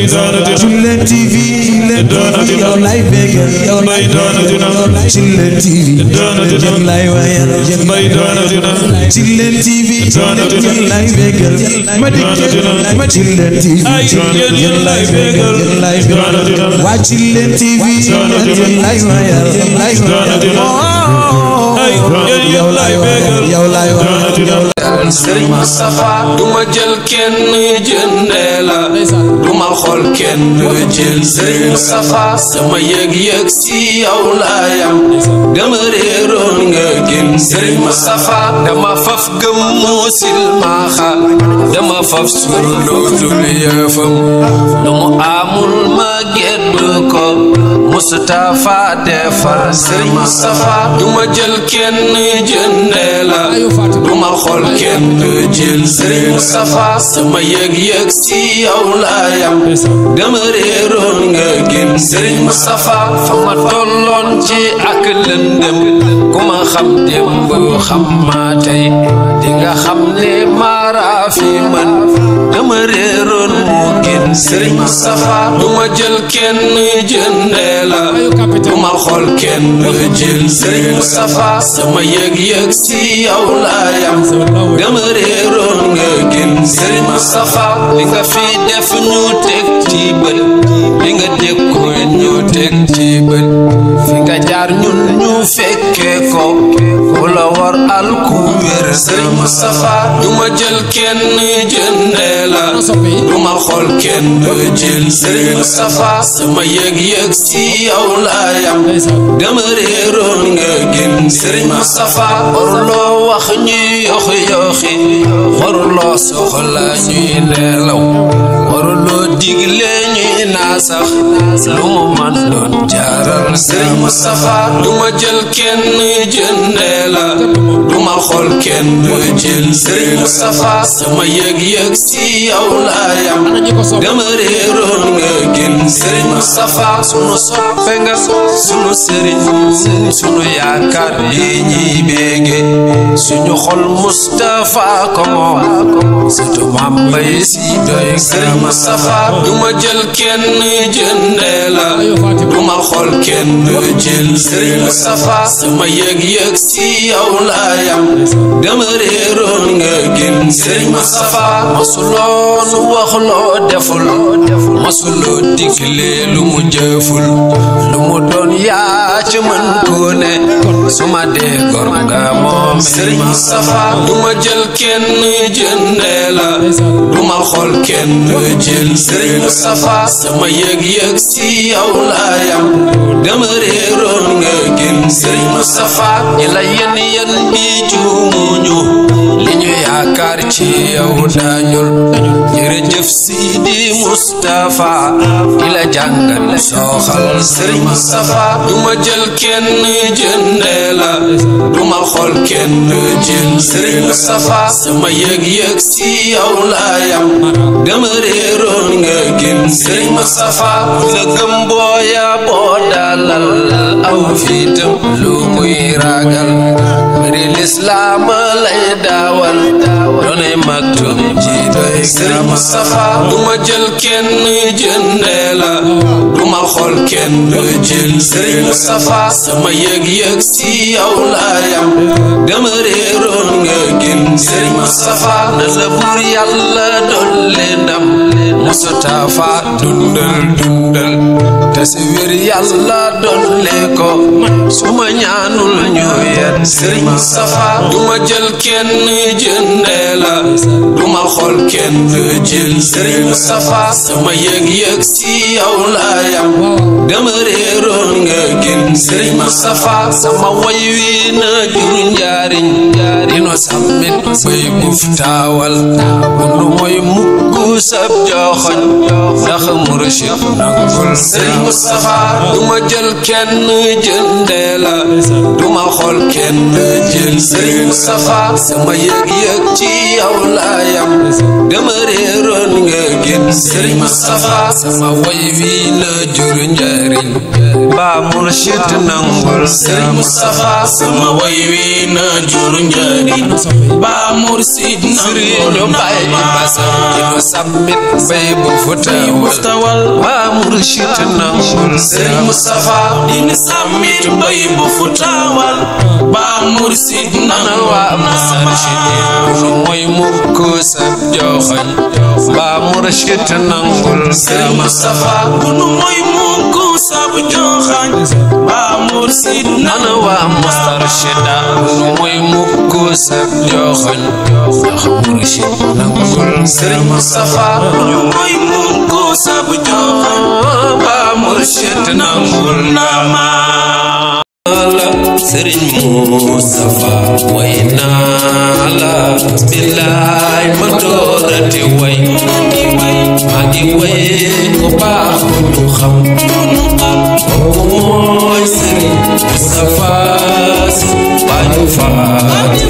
may TV doonati na yow lay bégal yow may doonati na TV doonati na yow lay wayal may doonati na Julleen TV doonati na yow lay bégal ma dikkee ma Julleen TV ay yéen yéen lay bégal doonati na waa Julleen TV yéen lay wayal lay wayal ay yéen yéen lay bégal yow lay wayal man sëriñ Moustapha du ma jël kenn jëndee la du ma xool kenn jël sëriñ Moustapha sama yëg-yëg si yow laa yam dama réeroon nga gën sëriñ Moustapha dama faf gëm muusil maaxal dama faf suur loolu yëfam lu mu amul ma kenn ko Moustapha defar Serigne Moustapha du ma jël kenn jëndee la du ma xool kenn jël Serigne Moustapha sama yëg-yëg si yow laa yam dama réeroon nga gëm Serigne Moustapha fa ma tolloon ci ak lëndëm ku ma xam démb xam maa tey di nga xam ne maara fi man dama réeroon sëriñ Moustapha du ma jël kenn jëndee du ma xool kenn jël sëriñ Moustapha sama yëg-yëg si yow laa yam dama réeroon nga gën sëriñ Moustapha li fi def ñu teg ci bët li ñu teg ci fi nga jaar ñun ñu fekkee ko. ku la war al ku wér sëriñ Moustapha duma jël kenn jëndee la duma xool kenn jël sëriñ Moustapha sama yëg-yëg si yow laa yam dama réeroon nga gëm sëriñ Moustapha waruloo wax ñuy yoxi yoxi waruloo soxla ñuy leelaw waruloo digle ñuy naasax lu man doon jaaral sëriñ Moustapha duma jël kenn kenn du jël sëriñ Moustapha sama yëg-yëg si yow laa yam dama réeroon nga gën sëriñ Moustapha sunu soppe nga sunu sëriñ sunu yaakaar lii ñuy suñu xol Moustapha ko moom surtout maam bay si doy sëriñ Moustapha du jël kenn jëndee la du ma xool jël sëriñ Moustapha sama yëg-yëg si yow laa dama réeroon nga génn sëriñ Moustapha masuloon wax loo deful masuloo digle lu mu jëful lu mu doon yaa ci mën koo su ma dee nga moom sëriñ Moustapha du ma jël kenn jëndee du ma xool kenn jël sëriñ Moustapha sama yëg-yëg si yow laa yam dama nga génn sëriñ Moustapha ñi la yen yen bi juum yow dañul jërëjëf Sidi Mustapha di la jàngal sooxal Serigne Moustapha du ma jël kenn jëndee la du ma xool kenn jël Serigne Moustapha sama yëg-yëg si yow laa yam dama réeroon nga gën Serigne booya boo dalal aw fitam lu muy ragal bari lislaam lay daawal doonay mag tuum kenn du jël Sëriñ Moustapha sama yëg-yëg si yow laa yam dama réeroon nga gën Sëriñ Moustapha na la buur yàlla dolle ndam Moustapha dundal dundal tas wir yàlla dolli ko su ma ñaanul ñu yet sëriñ safa du jël kenn jëndee la du ma kenn jël sëriñ safa sama yëg-yëg si yow la yam dama réeroon nga gën sëriñ safa sama way wi na jur njaariñ dino sàmmit bay guf taawal nu mooy mukk سب جاخن نخ مرش سي مصطفى دوما جل كن جنديلا دوما خول كن جل سي مصطفى سما يك يك تي اولايا دمرير sëriñ Moustapha sama woy wi la jur njariñ ba murshid nangul sëriñ Moustapha sama woy wi na jur njariñ ba murshid nangul sëriñ Baye Mbassa dina sammit bay bu futawal ba murshid nangul sëriñ Moustapha dina sammit bay bu futawal ba murshid nangul wa am sa shidi moy mukko sa joxañ Moustapha mu rashid nangul Serigne Moustapha bunu mooy mu ko sabu joxañ Mamour Sid nana waa Mustarshida bunu mooy mu ko sab joxañ ndax mu rashid nangul Serigne Moustapha bunu mooy mu ko sabu joxañ Mamour Sid nangul na ma سرين مصطفى وين على بلاي ما دورت وي وي ما دي وي كوبا خم وي سرين مصطفى سو بايو فاس